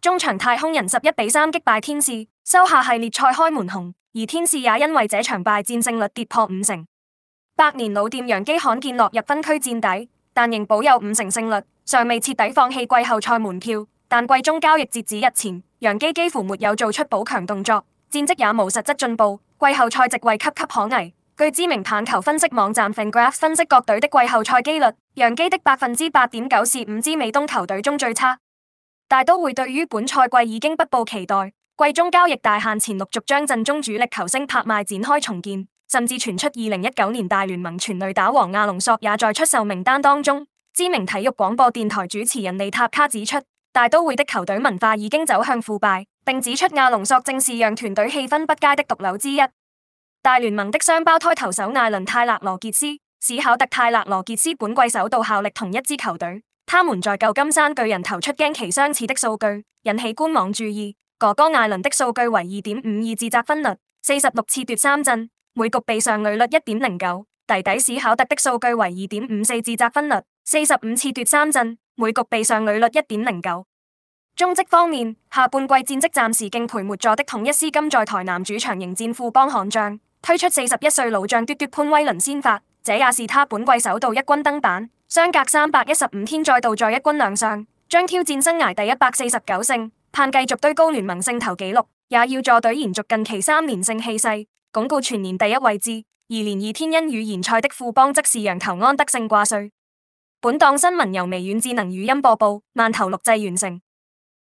中場太空人十一比三擊敗天使，收下系列賽開門紅。而天使也因為這場敗戰，勝率跌破五成。百年老店洋基罕見落入分區墊底，但仍保有五成勝率，尚未徹底放棄季後賽門票。但季中交易截止日前，洋基幾乎沒有做出補強動作，戰績也無實質進步。季後賽席位岌岌可危。據知名棒球分析網站 FanGraphs 分析各隊的季後賽機率，洋基的百分之八點九是五支美東球隊中最差。大都會對於本賽季已經不抱期待，季中交易大限前陸續將陣中主力球星拍賣，展開重建，甚至傳出2019年大聯盟全壘打王亞龍索也在出售名單當中。知名體育廣播電台主持人利塔卡指出，大都會的球隊文化已經走向腐敗，並指出亞龍索正是讓團隊氣氛不佳的毒瘤之一。大聯盟的雙胞胎投手艾倫泰勒羅傑斯史考特泰勒羅傑斯本季首度效力同一支球隊。他們在舊金山巨人投出驚奇相似的數據，引起官網注意。哥哥艾倫的數據為二點五二自責分率，四十六次奪三振，每局被上壘率一點零九；弟弟史考特的數據為二點五四自責分率，四十五次奪三振，每局被上壘率一點零九。中職方面，下半季戰績暫時敬陪末座的統一獅今在台南主場迎戰富邦悍將，推出四十一歲老將嘟嘟潘威倫先發。這也是他本季首度一軍登板，相隔三百一十五天再度在一軍亮相，將挑戰生涯第一百四十九勝，盼繼續堆高聯盟勝投紀錄，也要助隊延續近期三連勝氣勢，鞏固全年第一位置。而連二天因雨延賽的富邦則是洋投安德勝掛帥。本檔新聞由微軟智能語音播報，慢投錄製完成。